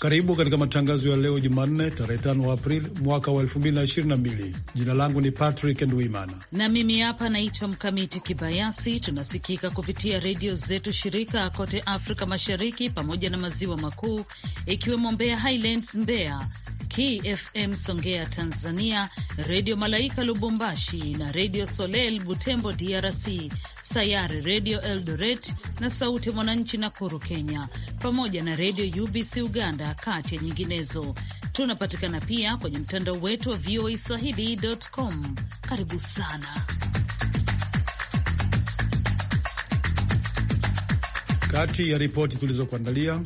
Karibu katika matangazo ya leo Jumanne, tarehe 5 Aprili mwaka wa mbili. Jina langu ni Patrick Ndwimana na mimi hapa naitwa Mkamiti Kibayasi. Tunasikika kupitia redio zetu shirika kote Afrika Mashariki pamoja na Maziwa Makuu, ikiwemo Mbeya Highlands Mbeya, KFM Songea Tanzania, Redio Malaika Lubumbashi na Redio Soleil Butembo DRC, Sayari Redio Eldoret na Sauti Mwananchi Nakuru, Kenya, pamoja na Redio UBC Uganda, kati ya nyinginezo. Tunapatikana pia kwenye mtandao wetu wa VOA Swahili.com. Karibu sana. Kati ya ripoti tulizokuandalia,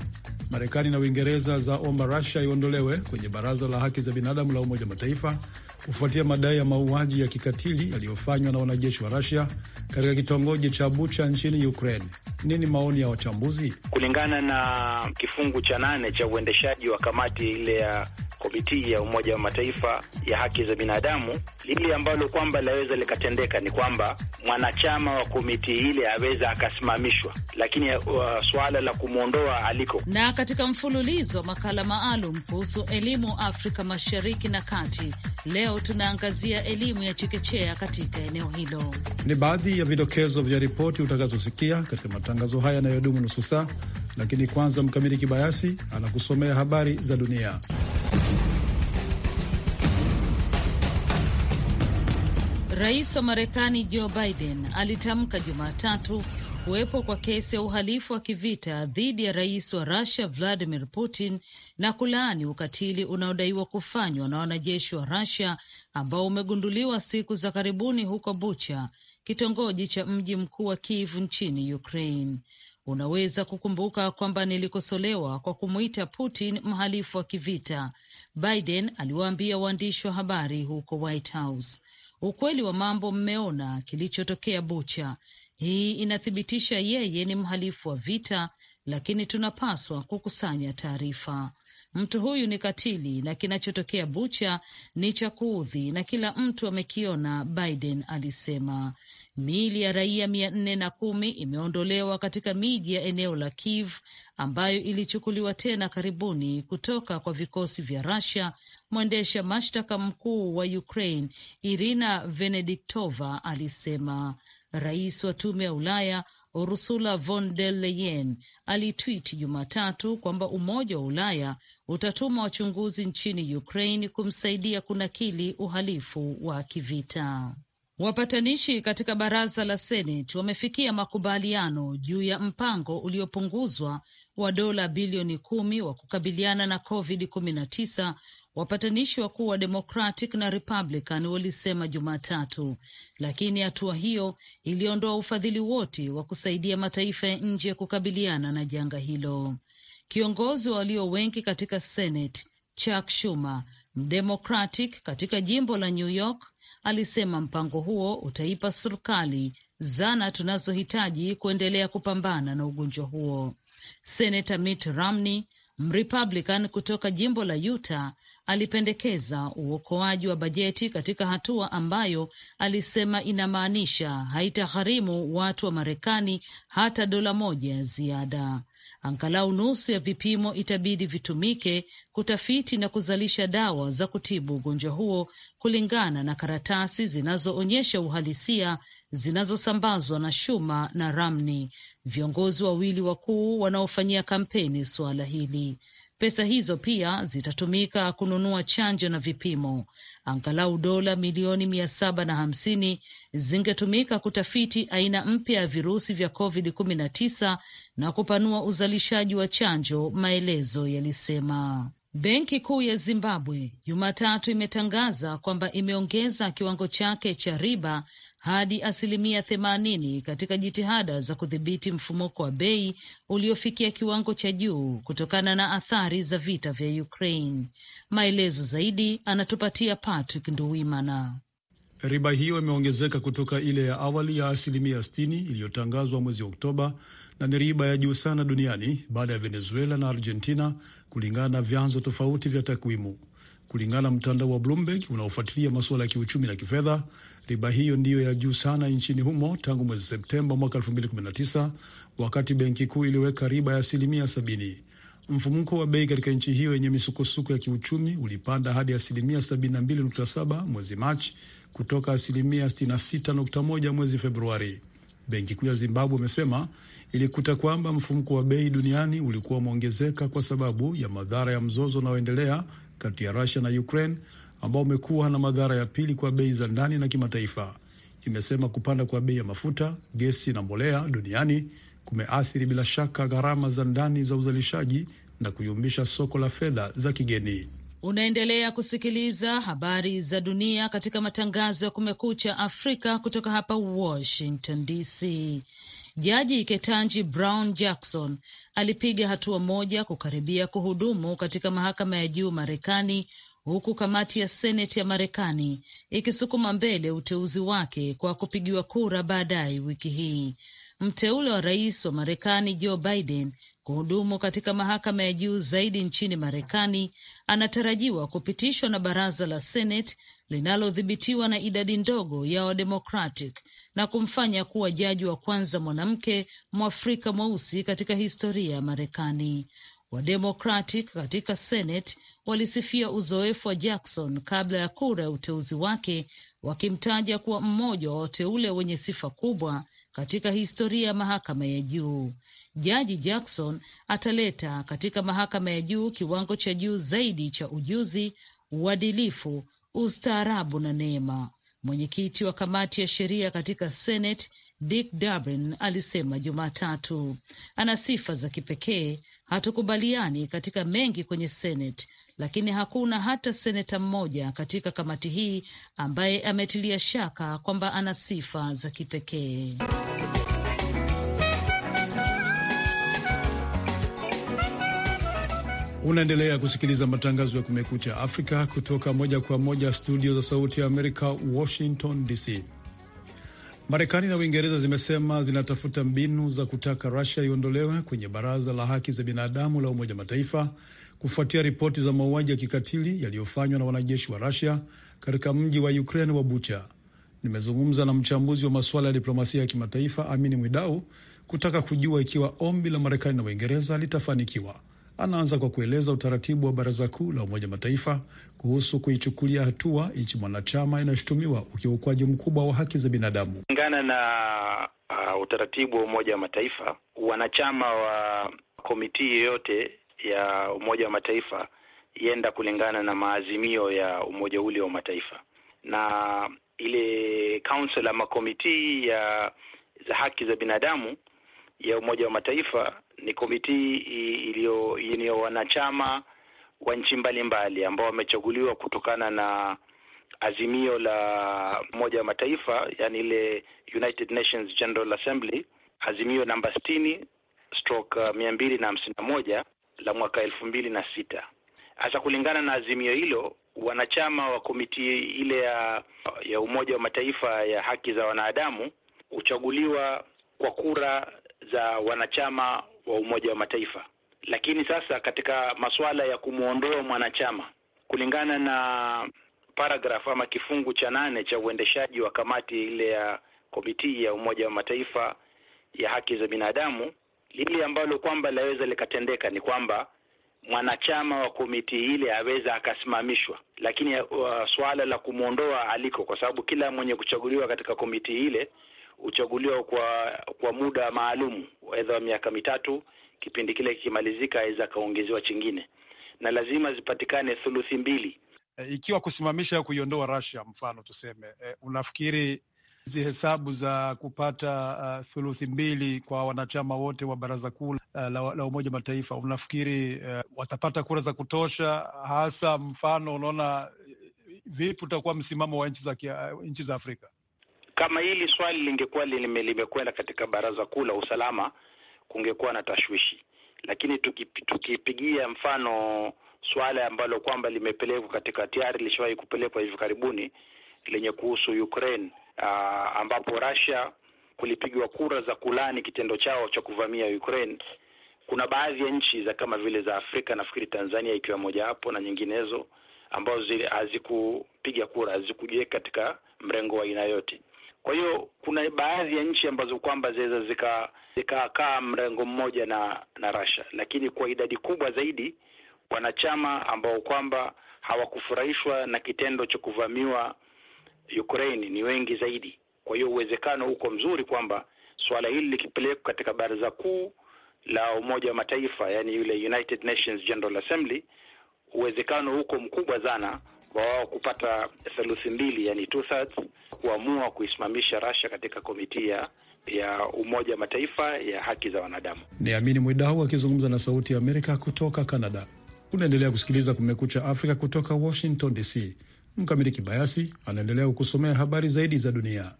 Marekani na Uingereza zaomba Rusia iondolewe kwenye Baraza la Haki za Binadamu la Umoja Mataifa kufuatia madai ya mauaji ya kikatili yaliyofanywa na wanajeshi wa Rusia katika kitongoji cha Bucha nchini Ukraine. Nini maoni ya wachambuzi? Kulingana na kifungu cha nane cha uendeshaji wa kamati ile ya komiti ya Umoja wa Mataifa ya haki za binadamu, lile ambalo kwamba laweza likatendeka ni kwamba mwanachama wa komiti ile aweza akasimamishwa, lakini uh, suala la kumwondoa aliko. Na katika mfululizo wa makala maalum kuhusu elimu Afrika Mashariki na Kati, leo tunaangazia elimu ya chekechea katika eneo hilo. Ni baadhi ya vidokezo vya ripoti utakazosikia katika matangazo haya yanayodumu nusu saa, lakini kwanza Mkamili Kibayasi anakusomea habari za dunia. Rais wa Marekani Joe Biden alitamka Jumatatu kuwepo kwa kesi ya uhalifu wa kivita dhidi ya rais wa Rusia Vladimir Putin na kulaani ukatili unaodaiwa kufanywa na wanajeshi wa Rusia ambao umegunduliwa siku za karibuni huko Bucha, kitongoji cha mji mkuu wa Kiev nchini Ukraine. Unaweza kukumbuka kwamba nilikosolewa kwa kumwita Putin mhalifu wa kivita, Biden aliwaambia waandishi wa habari huko White House. Ukweli wa mambo mmeona kilichotokea Bucha. Hii inathibitisha yeye ni mhalifu wa vita, lakini tunapaswa kukusanya taarifa. Mtu huyu ni katili na kinachotokea Bucha ni cha kuudhi na kila mtu amekiona, Biden alisema. Miili ya raia mia nne na kumi imeondolewa katika miji ya eneo la Kiev ambayo ilichukuliwa tena karibuni kutoka kwa vikosi vya rasia Mwendesha mashtaka mkuu wa Ukraine Irina Venediktova alisema. Rais wa tume ya Ulaya Ursula von der Leyen alitwit Jumatatu kwamba Umoja wa Ulaya utatuma wachunguzi nchini Ukraine kumsaidia kunakili uhalifu wa kivita. Wapatanishi katika baraza la Seneti wamefikia makubaliano juu ya mpango uliopunguzwa wa dola bilioni kumi wa kukabiliana na COVID-19, wapatanishi wakuu wa Democratic na Republican walisema Jumatatu, lakini hatua hiyo iliondoa ufadhili wote wa kusaidia mataifa ya nje kukabiliana na janga hilo. Kiongozi walio wengi katika Senate Chuck Schumer, Mdemocratic katika jimbo la New York alisema mpango huo utaipa serikali zana tunazohitaji kuendelea kupambana na ugonjwa huo. Senata Mitt Romney, Mrepublican kutoka jimbo la Utah, alipendekeza uokoaji wa bajeti katika hatua ambayo alisema inamaanisha haitagharimu watu wa Marekani hata dola moja ya ziada. Angalau nusu ya vipimo itabidi vitumike kutafiti na kuzalisha dawa za kutibu ugonjwa huo, kulingana na karatasi zinazoonyesha uhalisia zinazosambazwa na Shuma na Ramni, viongozi wawili wakuu wanaofanyia kampeni suala hili. Pesa hizo pia zitatumika kununua chanjo na vipimo. Angalau dola milioni mia saba na hamsini zingetumika kutafiti aina mpya ya virusi vya COVID-19 na kupanua uzalishaji wa chanjo, maelezo yalisema. Benki Kuu ya Zimbabwe Jumatatu imetangaza kwamba imeongeza kiwango chake cha riba hadi asilimia themanini katika jitihada za kudhibiti mfumuko wa bei uliofikia kiwango cha juu kutokana na athari za vita vya Ukraine. Maelezo zaidi anatupatia Patrick Nduwimana. Riba hiyo imeongezeka kutoka ile ya awali ya asilimia 60 iliyotangazwa mwezi Oktoba na ni riba ya juu sana duniani baada ya Venezuela na Argentina kulingana na vyanzo tofauti vya takwimu. Kulingana na mtandao wa Bloomberg unaofuatilia masuala ya kiuchumi na kifedha, riba hiyo ndiyo ya juu sana nchini humo tangu mwezi Septemba mwaka 2019 wakati benki kuu iliweka riba ya asilimia sabini. Mfumuko wa bei katika nchi hiyo yenye misukosuko ya kiuchumi ulipanda hadi asilimia 72.7 mwezi Machi kutoka asilimia 66.1 mwezi Februari. Benki kuu ya Zimbabwe imesema ilikuta kwamba mfumko wa bei duniani ulikuwa umeongezeka kwa sababu ya madhara ya mzozo unaoendelea kati ya rasia na Ukraine ambao umekuwa na madhara ya pili kwa bei za ndani na kimataifa. Imesema kupanda kwa bei ya mafuta, gesi na mbolea duniani kumeathiri bila shaka gharama za ndani za uzalishaji na kuyumbisha soko la fedha za kigeni. Unaendelea kusikiliza habari za dunia katika matangazo ya Kumekucha Afrika kutoka hapa Washington DC. Jaji Ketanji Brown Jackson alipiga hatua moja kukaribia kuhudumu katika mahakama ya juu Marekani, huku kamati ya seneti ya Marekani ikisukuma mbele uteuzi wake kwa kupigiwa kura baadaye wiki hii. Mteule wa rais wa Marekani Joe Biden Kuhudumu katika mahakama ya juu zaidi nchini Marekani anatarajiwa kupitishwa na baraza la Senate linalodhibitiwa na idadi ndogo ya Wademokratic na kumfanya kuwa jaji wa kwanza mwanamke mwafrika mweusi katika historia ya Marekani. Wademokratic katika Senate walisifia uzoefu wa Jackson kabla ya kura ya uteuzi wake, wakimtaja kuwa mmoja wa wateule wenye sifa kubwa katika historia ya mahakama ya juu. Jaji Jackson ataleta katika mahakama ya juu kiwango cha juu zaidi cha ujuzi, uadilifu, ustaarabu na neema, mwenyekiti wa kamati ya sheria katika Senate Dick Durbin alisema Jumatatu. Ana sifa za kipekee. Hatukubaliani katika mengi kwenye Senate, lakini hakuna hata seneta mmoja katika kamati hii ambaye ametilia shaka kwamba ana sifa za kipekee. Unaendelea kusikiliza matangazo ya Kumekucha Afrika kutoka moja kwa moja studio za Sauti ya Amerika, Washington DC. Marekani na Uingereza zimesema zinatafuta mbinu za kutaka Rusia iondolewe kwenye Baraza la Haki za Binadamu la Umoja Mataifa kufuatia ripoti za mauaji ya kikatili yaliyofanywa na wanajeshi wa Rusia katika mji wa Ukraine wa Bucha. Nimezungumza na mchambuzi wa masuala ya diplomasia ya kimataifa Amini Mwidau kutaka kujua ikiwa ombi la Marekani na Uingereza litafanikiwa anaanza kwa kueleza utaratibu wa Baraza Kuu la Umoja Mataifa kuhusu kuichukulia hatua nchi mwanachama inashutumiwa ukiukwaji mkubwa wa haki za binadamu kulingana na uh, utaratibu wa Umoja wa Mataifa. Wanachama wa komiti yoyote ya Umoja wa Mataifa ienda kulingana na maazimio ya umoja ule wa mataifa na ile council ama committee ya za haki za binadamu ya Umoja wa Mataifa ni komiti iliyo yenye wanachama wa nchi mbalimbali ambao wamechaguliwa kutokana na azimio la Umoja wa Mataifa, yani ile United Nations General Assembly, azimio namba sitini stroke uh, mia mbili na hamsini na moja la mwaka elfu mbili na sita. Hasa kulingana na azimio hilo, wanachama wa komiti ile ya, ya Umoja wa Mataifa ya haki za wanadamu huchaguliwa kwa kura za wanachama wa Umoja wa Mataifa. Lakini sasa katika masuala ya kumwondoa mwanachama kulingana na paragraf ama kifungu cha nane cha uendeshaji wa kamati ile ya komiti ya Umoja wa Mataifa ya haki za binadamu, lile ambalo kwamba laweza likatendeka ni kwamba mwanachama wa komiti ile aweza akasimamishwa, lakini uh, suala la kumwondoa aliko, kwa sababu kila mwenye kuchaguliwa katika komiti ile huchaguliwa kwa kwa muda maalum, aidha wa miaka mitatu, kipindi kile kikimalizika, aweza akaongezewa chingine, na lazima zipatikane thuluthi mbili. E, ikiwa kusimamisha kuiondoa Russia mfano tuseme, e, unafikiri hizi hesabu za kupata uh, thuluthi mbili kwa wanachama wote wa baraza kuu uh, la, la Umoja Mataifa, unafikiri uh, watapata kura za kutosha? Hasa mfano unaona vipi utakuwa msimamo wa nchi za nchi za Afrika? Kama hili swali lingekuwa limekwenda katika baraza kuu la usalama, kungekuwa na tashwishi, lakini tukipigia mfano swala ambalo kwamba limepelekwa katika tayari lishawahi kupelekwa hivi karibuni lenye kuhusu Ukraine, uh, ambapo Russia kulipigwa kura za kulani kitendo chao cha kuvamia Ukraine. Kuna baadhi ya nchi za kama vile za Afrika, nafikiri Tanzania ikiwa moja hapo na nyinginezo, ambazo hazikupiga kura, hazikujiweka katika mrengo wa aina yote. Kwa hiyo kuna baadhi ya nchi ambazo kwamba zinaweza zikakaa mrengo mmoja na na Russia, lakini kwa idadi kubwa zaidi wanachama ambao kwamba hawakufurahishwa na kitendo cha kuvamiwa Ukraine ni wengi zaidi. Kwa hiyo uwezekano uko mzuri kwamba suala hili likipelekwa katika baraza kuu la Umoja wa Mataifa, yani yule United Nations General Assembly, uwezekano uko mkubwa sana kwa wao kupata theluthi mbili, yani two thirds, kuamua kuisimamisha Russia katika komiti ya Umoja Mataifa ya haki za wanadamu. Ni Amini Mwidau akizungumza na Sauti ya Amerika kutoka Canada. Unaendelea kusikiliza Kumekucha Afrika kutoka Washington DC. Mkamili Kibayasi anaendelea kukusomea habari zaidi za dunia.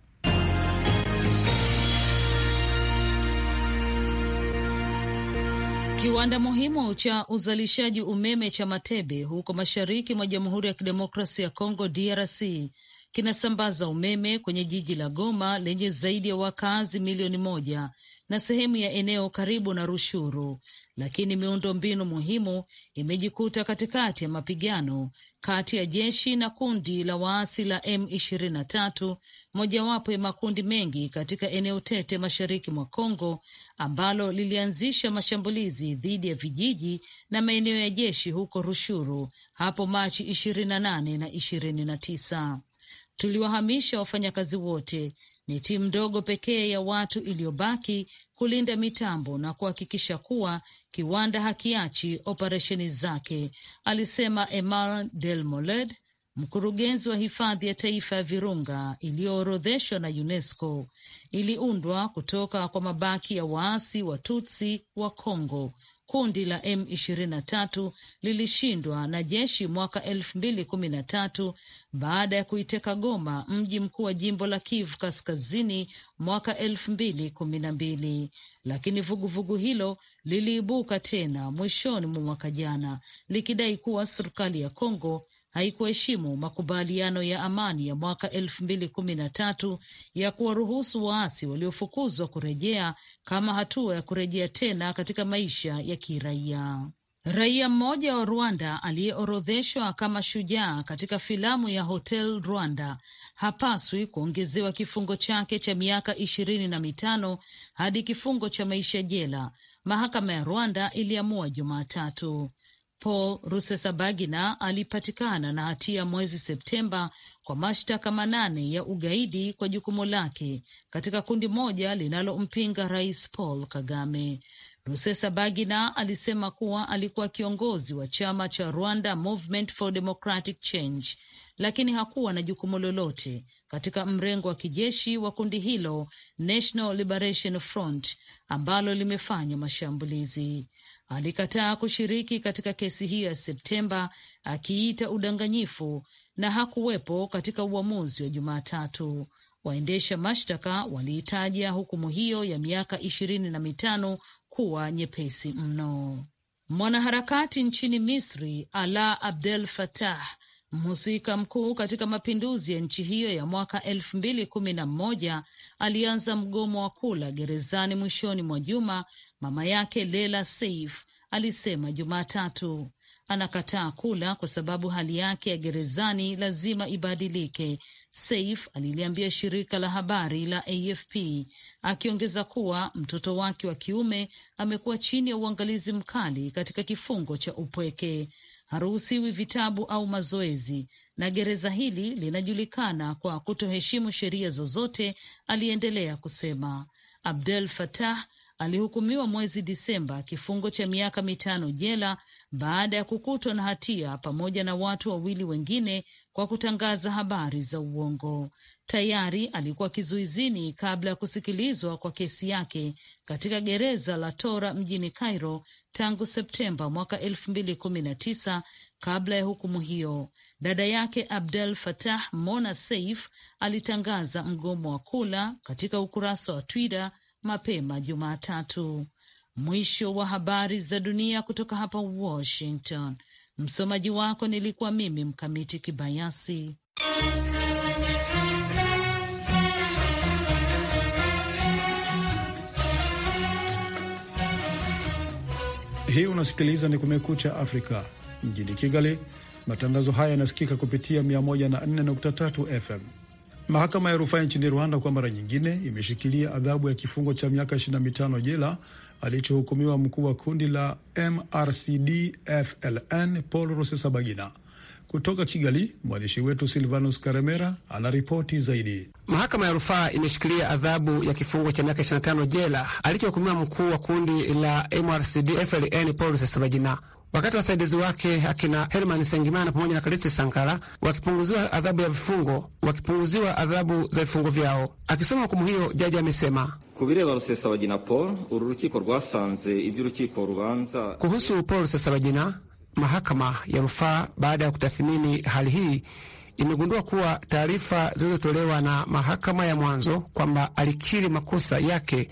Kiwanda muhimu cha uzalishaji umeme cha Matebe huko mashariki mwa Jamhuri ya Kidemokrasia ya Kongo DRC kinasambaza umeme kwenye jiji la Goma lenye zaidi ya wakazi milioni moja na sehemu ya eneo karibu na Rushuru, lakini miundo mbinu muhimu imejikuta katikati ya mapigano kati ya jeshi na kundi la waasi la M23, mojawapo ya makundi mengi katika eneo tete mashariki mwa Kongo ambalo lilianzisha mashambulizi dhidi ya vijiji na maeneo ya jeshi huko Rushuru hapo Machi 28 na 29. Tuliwahamisha wafanyakazi wote, ni timu ndogo pekee ya watu iliyobaki kulinda mitambo na kuhakikisha kuwa kiwanda hakiachi operesheni zake, alisema emal Del Moled, mkurugenzi wa hifadhi ya taifa ya Virunga iliyoorodheshwa na UNESCO. Iliundwa kutoka kwa mabaki ya waasi wa Tutsi wa congo kundi la M23 lilishindwa na jeshi mwaka elfu mbili kumi na tatu baada ya kuiteka Goma, mji mkuu wa jimbo la Kivu Kaskazini mwaka elfu mbili kumi na mbili lakini vuguvugu hilo liliibuka tena mwishoni mwa mwaka jana likidai kuwa serikali ya Kongo haikuheshimu makubaliano ya amani ya mwaka elfu mbili kumi na tatu ya kuwaruhusu waasi waliofukuzwa kurejea kama hatua ya kurejea tena katika maisha ya kiraia. Raia mmoja wa Rwanda aliyeorodheshwa kama shujaa katika filamu ya Hotel Rwanda hapaswi kuongezewa kifungo chake cha miaka ishirini na mitano hadi kifungo cha maisha jela, mahakama ya Rwanda iliamua Jumatatu. Paul Rusesabagina alipatikana na hatia mwezi Septemba kwa mashtaka manane ya ugaidi kwa jukumu lake katika kundi moja linalompinga Rais Paul Kagame. Rusesabagina alisema kuwa alikuwa kiongozi wa chama cha Rwanda Movement for Democratic Change, lakini hakuwa na jukumu lolote katika mrengo wa kijeshi wa kundi hilo National Liberation Front ambalo limefanya mashambulizi. Alikataa kushiriki katika kesi hiyo ya Septemba akiita udanganyifu na hakuwepo katika uamuzi wa Jumatatu. Waendesha mashtaka waliitaja hukumu hiyo ya miaka ishirini na mitano kuwa nyepesi mno. Mwanaharakati nchini Misri Ala Abdel Fattah, mhusika mkuu katika mapinduzi ya nchi hiyo ya mwaka elfu mbili kumi na moja alianza mgomo wa kula gerezani mwishoni mwa juma. Mama yake Lela Seif alisema Jumatatu anakataa kula kwa sababu hali yake ya gerezani lazima ibadilike Saif aliliambia shirika la habari la AFP akiongeza kuwa mtoto wake wa kiume amekuwa chini ya uangalizi mkali katika kifungo cha upweke, haruhusiwi vitabu au mazoezi, na gereza hili linajulikana kwa kutoheshimu sheria zozote, aliendelea kusema. Abdel Fattah alihukumiwa mwezi Disemba kifungo cha miaka mitano jela baada ya kukutwa na hatia pamoja na watu wawili wengine kwa kutangaza habari za uongo. Tayari alikuwa kizuizini kabla ya kusikilizwa kwa kesi yake katika gereza la Tora mjini Cairo tangu Septemba mwaka elfu mbili kumi na tisa. Kabla ya hukumu hiyo, dada yake Abdel Fattah Mona Seif alitangaza mgomo wa kula katika ukurasa wa Twitter mapema Jumatatu. Mwisho wa habari za dunia kutoka hapa Washington. Msomaji wako nilikuwa mimi Mkamiti Kibayasi. Hii unasikiliza ni Kumekucha Afrika mjini Kigali. Matangazo haya yanasikika kupitia 104.3 FM. Mahakama ya rufaa nchini Rwanda kwa mara nyingine imeshikilia adhabu ya kifungo cha miaka 25 jela alichohukumiwa mkuu wa kundi la MRCD FLN Paul Rusesabagina. Kutoka Kigali, mwandishi wetu Silvanus Karemera anaripoti zaidi. Mahakama ya rufaa imeshikilia adhabu ya kifungo cha miaka 25 jela alichohukumiwa mkuu wa kundi la MRCD FLN Paul Rusesabagina wakati wasaidizi wake akina Herman Sengimana pamoja na Kalisti Sankara wakipunguziwa adhabu ya vifungo, wakipunguziwa adhabu za vifungo vyao. Akisoma hukumu hiyo, jaji amesema kubireba Rusesabagina Paul uru rukiko rwasanze ibyo urukiko rubanza kuhusu Paul Rusesabagina. Mahakama ya rufaa baada ya kutathimini hali hii imegundua kuwa taarifa zilizotolewa na mahakama ya mwanzo kwamba alikiri makosa yake,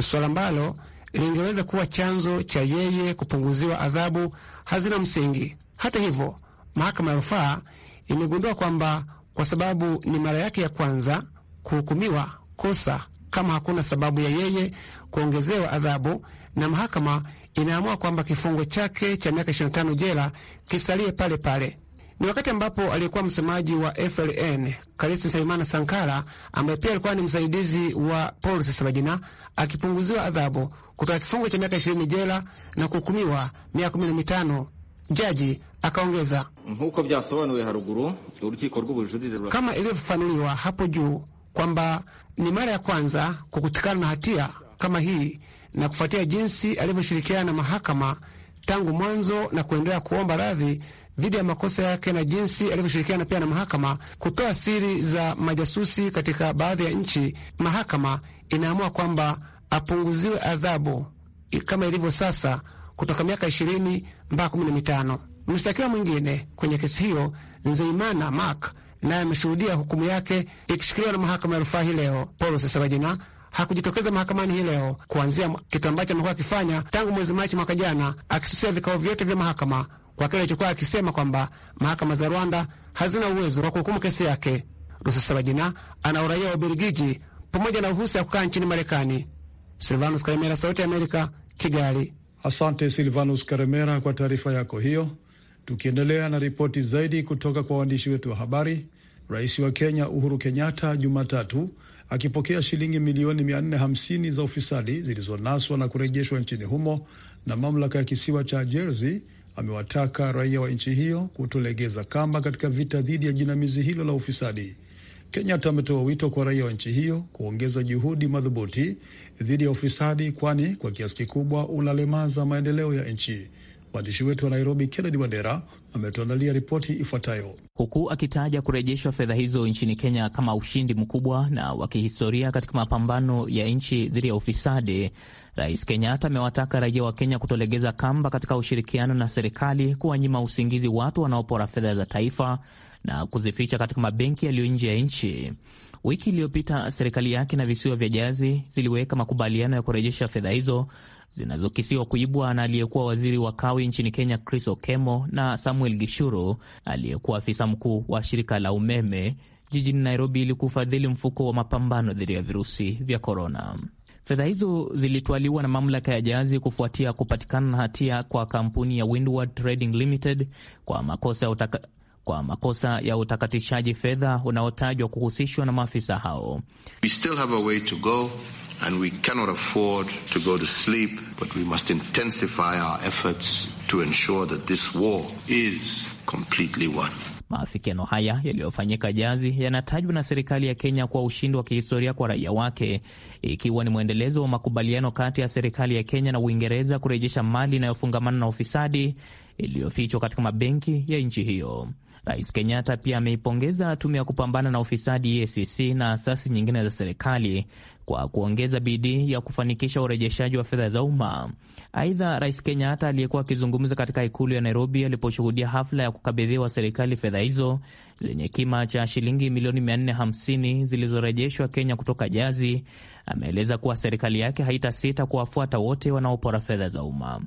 swala ambalo lingeweza kuwa chanzo cha yeye kupunguziwa adhabu hazina msingi. Hata hivyo, mahakama ya rufaa imegundua kwamba kwa sababu ni mara yake ya kwanza kuhukumiwa kosa, kama hakuna sababu ya yeye kuongezewa adhabu, na mahakama inaamua kwamba kifungo chake cha miaka 25 jela kisalie pale pale. Ni wakati ambapo aliyekuwa msemaji wa FLN Kalisi Saimana Sankara, ambaye pia alikuwa ni msaidizi wa Paul Sesabagina, akipunguziwa adhabu kutoka kifungo cha miaka ishirini jela na kuhukumiwa miaka kumi na mitano. Jaji akaongeza kama ilivyofafanuliwa hapo juu kwamba ni mara ya kwanza kwa kutikana na hatia kama hii na kufuatia jinsi alivyoshirikiana na mahakama tangu mwanzo na kuendelea kuomba radhi dhidi ya makosa yake na jinsi alivyoshirikiana pia na mahakama kutoa siri za majasusi katika baadhi ya nchi, mahakama inaamua kwamba apunguziwe adhabu kama ilivyo sasa kutoka miaka ishirini mpaka kumi na mitano. Mshtakiwa mwingine kwenye kesi hiyo Nzeimana Mak naye ameshuhudia hukumu yake ikishikiliwa na mahakama ya rufaa hii leo. Paulo Sesarajina hakujitokeza mahakamani hii leo kuanzia kitu ambacho amekuwa akifanya tangu mwezi Machi mwaka jana, akisusia vikao vyote vya mahakama kwa kile alichokuwa akisema kwamba mahakama za Rwanda hazina uwezo wa kuhukumu kesi yake. Rusesabagina ana uraia wa Ubelgiji pamoja na uhusi ya kukaa nchini Marekani. Silvanus Karemera, Sauti ya Amerika, Kigali. Asante Silvanus Karemera kwa taarifa yako hiyo. Tukiendelea na ripoti zaidi kutoka kwa waandishi wetu wa habari, rais wa Kenya Uhuru Kenyatta Jumatatu akipokea shilingi milioni 450 za ufisadi zilizonaswa na kurejeshwa nchini humo na mamlaka ya kisiwa cha Jersey amewataka raia wa nchi hiyo kutolegeza kamba katika vita dhidi ya jinamizi hilo la ufisadi. Kenyatta ametoa wito kwa raia wa nchi hiyo kuongeza juhudi madhubuti dhidi ya ufisadi, kwani kwa kiasi kikubwa unalemaza maendeleo ya nchi. Mwandishi wetu wa Nairobi, Kennedy Wandera, ametuandalia ripoti ifuatayo. Huku akitaja kurejeshwa fedha hizo nchini Kenya kama ushindi mkubwa na wa kihistoria katika mapambano ya nchi dhidi ya ufisadi, Rais Kenyatta amewataka raia wa Kenya kutolegeza kamba katika ushirikiano na serikali kuwanyima usingizi watu wanaopora fedha za taifa na kuzificha katika mabenki yaliyo nje ya nchi. Wiki iliyopita serikali yake na visiwa vya Jazi ziliweka makubaliano ya kurejesha fedha hizo zinazokisiwa kuibwa na aliyekuwa waziri wa kawi nchini Kenya Chris Okemo na Samuel Gishuru aliyekuwa afisa mkuu wa shirika la umeme jijini Nairobi ili kufadhili mfuko wa mapambano dhidi ya virusi vya korona. Fedha hizo zilitwaliwa na mamlaka ya Jazi kufuatia kupatikana na hatia kwa kampuni ya Windward Trading Limited kwa makosa ya utaka kwa makosa ya utakatishaji fedha unaotajwa kuhusishwa na maafisa hao. We still have a way to go and we cannot afford to go to sleep but we must intensify our efforts to ensure that this war is completely won. Maafikiano haya yaliyofanyika Jazi yanatajwa na serikali ya Kenya kuwa ushindi wa kihistoria kwa raia wake, ikiwa ni mwendelezo wa makubaliano kati ya serikali ya Kenya na Uingereza kurejesha mali inayofungamana na ufisadi iliyofichwa katika mabenki ya nchi hiyo. Rais Kenyatta pia ameipongeza tume ya kupambana na ufisadi EACC na asasi nyingine za serikali kwa kuongeza bidii ya kufanikisha urejeshaji wa fedha za umma. Aidha, Rais Kenyatta aliyekuwa akizungumza katika ikulu ya Nairobi aliposhuhudia hafla ya kukabidhiwa serikali fedha hizo zenye kima cha shilingi milioni 450 zilizorejeshwa Kenya kutoka Jazi, ameeleza kuwa serikali yake haitasita kuwafuata wote wanaopora fedha za umma.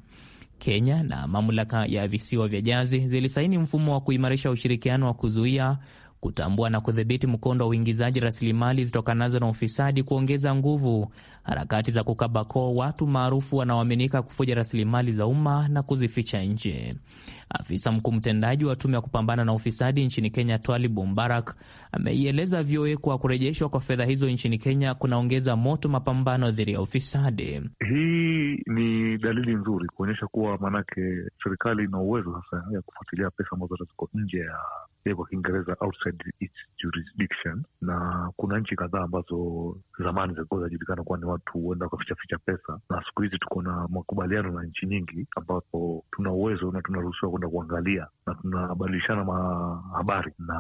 Kenya na mamlaka ya visiwa vya Jazi zilisaini mfumo wa kuimarisha ushirikiano wa kuzuia, kutambua na kudhibiti mkondo wa uingizaji rasilimali zitokanazo na ufisadi, kuongeza nguvu harakati za kukaba koo watu maarufu wanaoaminika kufuja rasilimali za umma na kuzificha nje. Afisa mkuu mtendaji wa tume ya kupambana na ufisadi nchini Kenya, Twalib Mbarak, ameieleza VOA kuwa kurejeshwa kwa fedha hizo nchini Kenya kunaongeza moto mapambano dhidi ya ufisadi. Hii ni dalili nzuri kuonyesha kuwa maanake serikali ina uwezo sasa ya kufuatilia pesa ambazo ziko nje ya kwa Kiingereza outside its jurisdiction, na kuna nchi kadhaa ambazo zamani zilikuwa zinajulikana kuwa ni watu huenda wakafichaficha pesa, na siku hizi tuko na makubaliano na nchi nyingi, ambapo tuna uwezo na tunaruhusiwa kwenda kuangalia na tunabadilishana mahabari na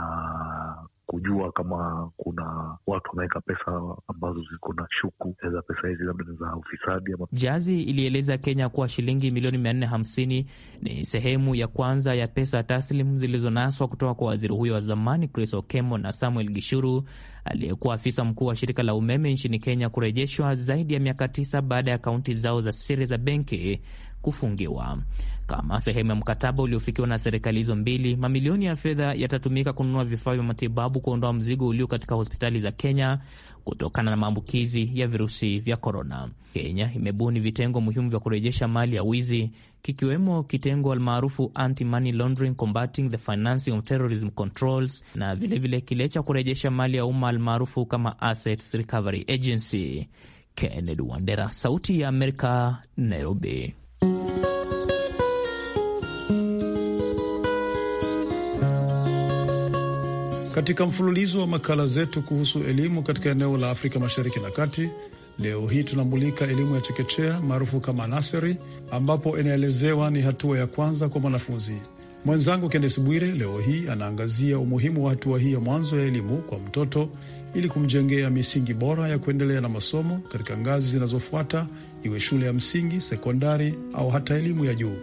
kujua kama kuna watu wameweka pesa ambazo ziko na shuku za pesa hizi labda ni za ufisadi ama. Jazi ilieleza Kenya kuwa shilingi milioni mia nne hamsini ni sehemu ya kwanza ya pesa taslimu zilizonaswa kutoka kwa waziri huyo wa zamani Chris Okemo na Samuel Gishuru aliyekuwa afisa mkuu wa shirika la umeme nchini Kenya kurejeshwa zaidi ya miaka tisa baada ya akaunti zao za siri za benki kufungiwa. Kama sehemu ya mkataba uliofikiwa na serikali hizo mbili, mamilioni ya fedha yatatumika kununua vifaa vya matibabu kuondoa mzigo ulio katika hospitali za Kenya kutokana na maambukizi ya virusi vya korona. Kenya imebuni vitengo muhimu vya kurejesha mali ya wizi, kikiwemo kitengo almaarufu anti money laundering combating the financing of terrorism controls, na vilevile vile kile cha kurejesha mali ya umma almaarufu kama assets recovery agency. Kennedy Wandera, Sauti ya Amerika, Nairobi. Katika mfululizo wa makala zetu kuhusu elimu katika eneo la Afrika Mashariki na Kati, leo hii tunamulika elimu ya chekechea maarufu kama nasari, ambapo inaelezewa ni hatua ya kwanza kwa mwanafunzi. Mwenzangu Kennes Bwire leo hii anaangazia umuhimu wa hatua hii ya mwanzo ya elimu kwa mtoto ili kumjengea misingi bora ya kuendelea na masomo katika ngazi zinazofuata iwe shule ya msingi, sekondari au hata elimu ya juu.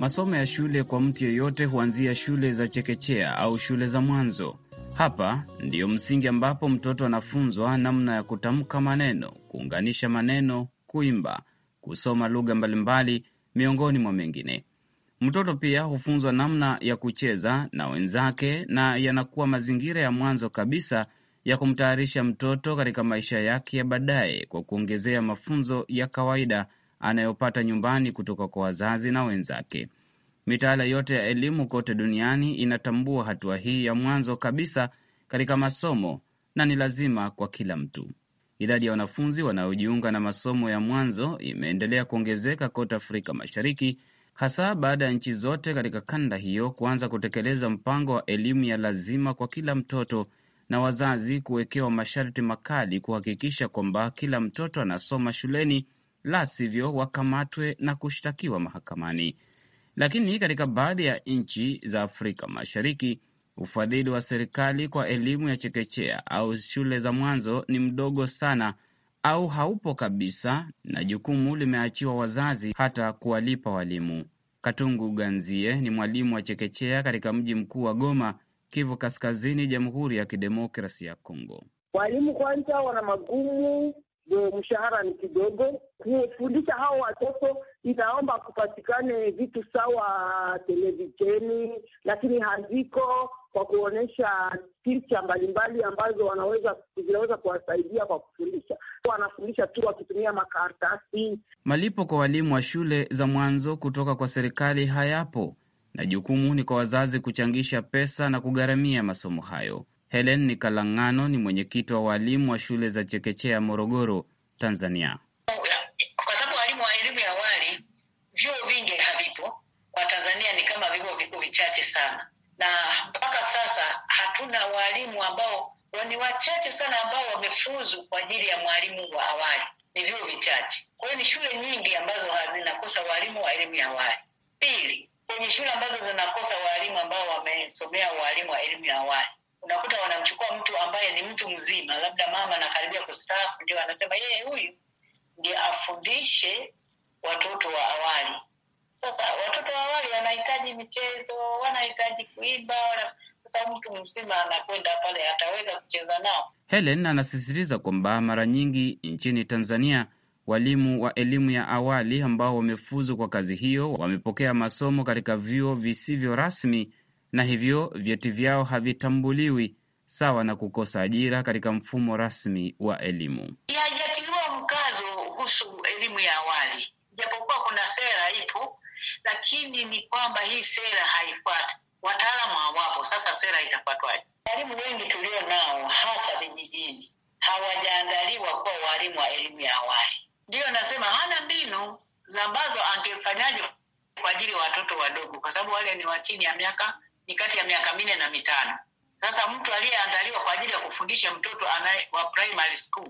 Masomo ya shule kwa mtu yeyote huanzia shule za chekechea au shule za mwanzo. Hapa ndiyo msingi ambapo mtoto anafunzwa namna ya kutamka maneno, kuunganisha maneno, kuimba, kusoma lugha mbalimbali, miongoni mwa mengine. Mtoto pia hufunzwa namna ya kucheza na wenzake, na yanakuwa mazingira ya mwanzo kabisa ya kumtayarisha mtoto katika maisha yake ya baadaye kwa kuongezea mafunzo ya kawaida anayopata nyumbani kutoka kwa wazazi na wenzake. Mitaala yote ya elimu kote duniani inatambua hatua hii ya mwanzo kabisa katika masomo na ni lazima kwa kila mtu. Idadi ya wanafunzi wanaojiunga na masomo ya mwanzo imeendelea kuongezeka kote Afrika Mashariki, hasa baada ya nchi zote katika kanda hiyo kuanza kutekeleza mpango wa elimu ya lazima kwa kila mtoto na wazazi kuwekewa masharti makali kuhakikisha kwamba kila mtoto anasoma shuleni, la sivyo wakamatwe na kushtakiwa mahakamani. Lakini katika baadhi ya nchi za Afrika Mashariki, ufadhili wa serikali kwa elimu ya chekechea au shule za mwanzo ni mdogo sana au haupo kabisa, na jukumu limeachiwa wazazi hata kuwalipa walimu. Katungu Ganzie ni mwalimu wa chekechea katika mji mkuu wa Goma Kivu Kaskazini, Jamhuri ya Kidemokrasi ya Kongo. Walimu kwanza wana magumu, ndio mshahara ni kidogo. Kufundisha hao watoto inaomba kupatikane vitu sawa televisheni, lakini haziko kwa kuonyesha picha mbalimbali ambazo wanaweza zinaweza kuwasaidia kwa kufundisha. Wanafundisha tu wakitumia makaratasi. Malipo kwa walimu wa shule za mwanzo kutoka kwa serikali hayapo na jukumu ni kwa wazazi kuchangisha pesa na kugharamia masomo hayo. Helen Nikalang'ano ni mwenyekiti wa waalimu wa shule za chekechea Morogoro, Tanzania. Kwa sababu walimu wa elimu ya awali vyuo vingi havipo kwa Tanzania, ni kama vyuo viko vichache sana, na mpaka sasa hatuna waalimu ambao ni wachache sana ambao wamefuzu kwa ajili ya mwalimu wa awali, ni vyuo vichache. Kwa hiyo ni shule nyingi ambazo hazinakosa walimu wa elimu ya awali. Pili, kwenye shule ambazo zinakosa waalimu ambao wamesomea walimu wa elimu ya awali unakuta wanamchukua mtu ambaye ni mtu mzima, labda mama anakaribia kustaafu, ndio anasema yeye huyu ndi afundishe watoto wa awali. Sasa watoto wa awali wanahitaji michezo, wanahitaji kuimba, wana... Sasa mtu mzima anakwenda pale, ataweza kucheza nao? Helen anasisitiza kwamba mara nyingi nchini Tanzania Walimu wa elimu ya awali ambao wamefuzu kwa kazi hiyo wamepokea masomo katika vyuo visivyo rasmi na hivyo vyeti vyao havitambuliwi sawa na kukosa ajira katika mfumo rasmi wa elimu. Haijatiliwa mkazo kuhusu elimu ya awali, japokuwa kuna sera ipo, lakini ni kwamba hii sera haifuatwi, wataalamu hawapo. Sasa sera itafuatwaje? Walimu wengi tulio nao hasa vijijini hawajaandaliwa kuwa walimu wa elimu ya awali. Ndiyo nasema hana mbinu za ambazo angefanyaje kwa ajili ya watoto wadogo, kwa sababu wale ni wa chini ya miaka, ni kati ya miaka minne na mitano. Sasa mtu aliyeandaliwa kwa ajili ya kufundisha mtoto anaye wa primary school,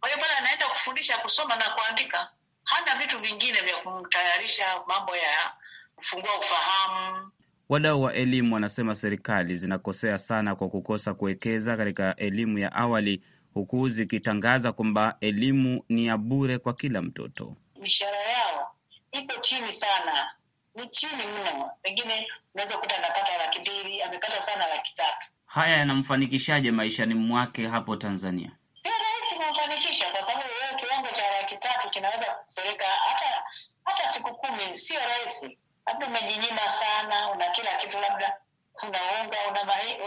kwa hiyo pale anaenda kufundisha kusoma na kuandika, hana vitu vingine vya kumtayarisha mambo ya kufungua ufahamu. Wadau wa elimu wanasema serikali zinakosea sana kwa kukosa kuwekeza katika elimu ya awali huku zikitangaza kwamba elimu ni ya bure kwa kila mtoto. Mishahara yao ipo chini sana, ni chini mno, pengine unaweza kuta anapata laki mbili, amekata sana laki tatu. Haya yanamfanikishaje maishani mwake hapo Tanzania? Sio rahisi kumfanikisha, kwa sababu wewe kiwango cha laki tatu kinaweza kupeleka hata hata siku kumi. Sio rahisi, labda umejinyima sana, una kila kitu, labda unaunga,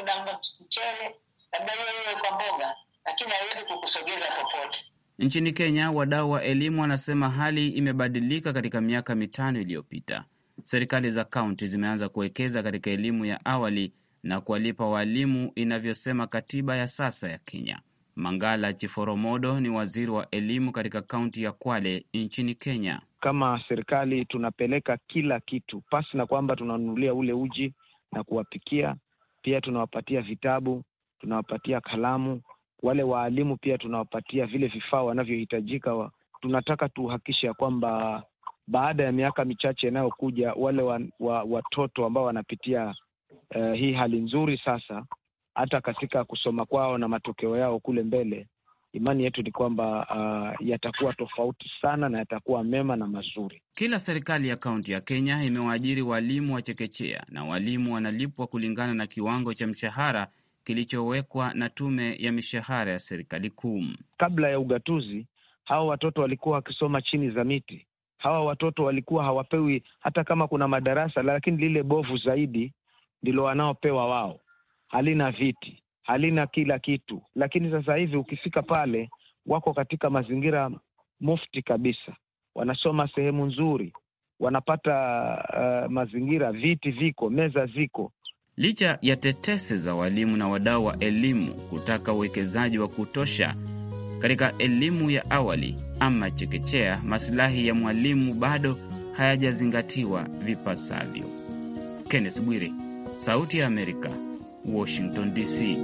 una mchele, labda wewe kwa mboga lakini haiwezi kukusogeza popote. Nchini Kenya, wadau wa elimu wanasema hali imebadilika katika miaka mitano iliyopita. Serikali za kaunti zimeanza kuwekeza katika elimu ya awali na kuwalipa waalimu inavyosema katiba ya sasa ya Kenya. Mangala Chiforomodo ni waziri wa elimu katika kaunti ya Kwale nchini Kenya. Kama serikali tunapeleka kila kitu, pasi na kwamba tunanunulia ule uji na kuwapikia, pia tunawapatia vitabu, tunawapatia kalamu, wale waalimu pia tunawapatia vile vifaa wanavyohitajika wa. Tunataka tuhakikishe ya kwamba baada ya miaka michache inayokuja wale wa, wa, watoto ambao wanapitia uh, hii hali nzuri sasa, hata katika kusoma kwao na matokeo yao kule mbele, imani yetu ni kwamba uh, yatakuwa tofauti sana na yatakuwa mema na mazuri. Kila serikali ya kaunti ya Kenya imewaajiri walimu wa chekechea na walimu wanalipwa kulingana na kiwango cha mshahara kilichowekwa na tume ya mishahara ya serikali kuu. Kabla ya ugatuzi, hawa watoto walikuwa wakisoma chini za miti. Hawa watoto walikuwa hawapewi, hata kama kuna madarasa, lakini lile bovu zaidi ndilo wanaopewa wao. Halina viti, halina kila kitu, lakini sasa hivi ukifika pale, wako katika mazingira mufti kabisa, wanasoma sehemu nzuri, wanapata uh, mazingira, viti viko, meza ziko Licha ya tetesi za walimu na wadau wa elimu kutaka uwekezaji wa kutosha katika elimu ya awali ama chekechea, masilahi ya mwalimu bado hayajazingatiwa vipasavyo. Kenneth Bwire, Sauti ya Amerika, Washington DC.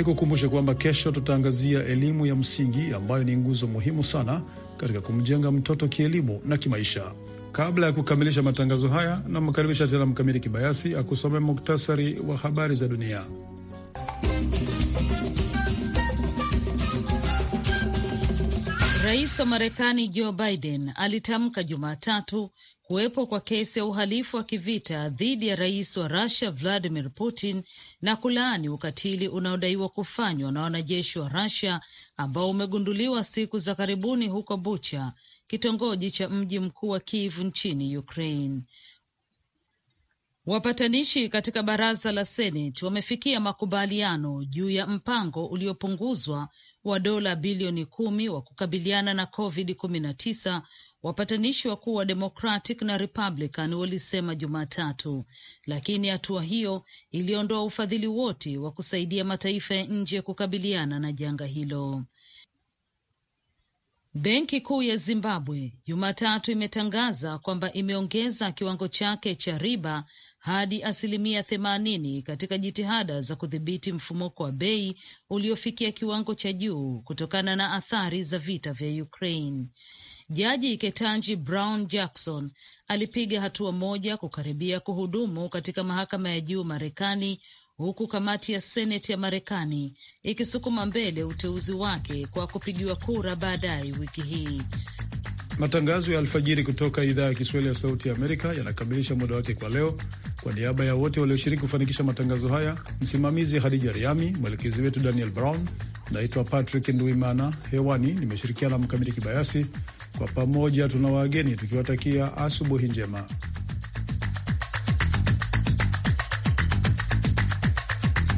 Nikukumbushe kwamba kesho tutaangazia elimu ya msingi ambayo ni nguzo muhimu sana katika kumjenga mtoto kielimu na kimaisha. Kabla ya kukamilisha matangazo haya, namkaribisha tena Mkamili Kibayasi akusome muktasari wa habari za dunia. Rais wa Marekani Joe Biden alitamka Jumatatu kuwepo kwa kesi ya uhalifu wa kivita dhidi ya rais wa Rusia Vladimir Putin na kulaani ukatili unaodaiwa kufanywa na wanajeshi wa Rusia ambao umegunduliwa siku za karibuni huko Bucha, kitongoji cha mji mkuu wa Kiev nchini Ukraine. Wapatanishi katika baraza la Seneti wamefikia makubaliano juu ya mpango uliopunguzwa wa dola bilioni kumi wa kukabiliana na COVID-19 wapatanishi wakuu wa Democratic na Republican walisema Jumatatu, lakini hatua hiyo iliondoa ufadhili wote wa kusaidia mataifa ya nje kukabiliana na janga hilo. Benki Kuu ya Zimbabwe Jumatatu imetangaza kwamba imeongeza kiwango chake cha riba hadi asilimia themanini katika jitihada za kudhibiti mfumuko wa bei uliofikia kiwango cha juu kutokana na athari za vita vya Ukraine. Jaji Ketanji Brown Jackson alipiga hatua moja kukaribia kuhudumu katika mahakama ya juu Marekani, huku kamati ya seneti ya Marekani ikisukuma mbele uteuzi wake kwa kupigiwa kura baadaye wiki hii. Matangazo ya alfajiri kutoka idhaa ya Kiswahili ya Sauti ya Amerika yanakamilisha muda wake kwa leo. Kwa niaba ya wote walioshiriki kufanikisha matangazo haya, msimamizi Hadija Riami, mwelekezi wetu Daniel Brown. Naitwa Patrick Nduimana, hewani nimeshirikiana na Mkamili Kibayasi. Kwa pamoja tuna wageni tukiwatakia asubuhi njema.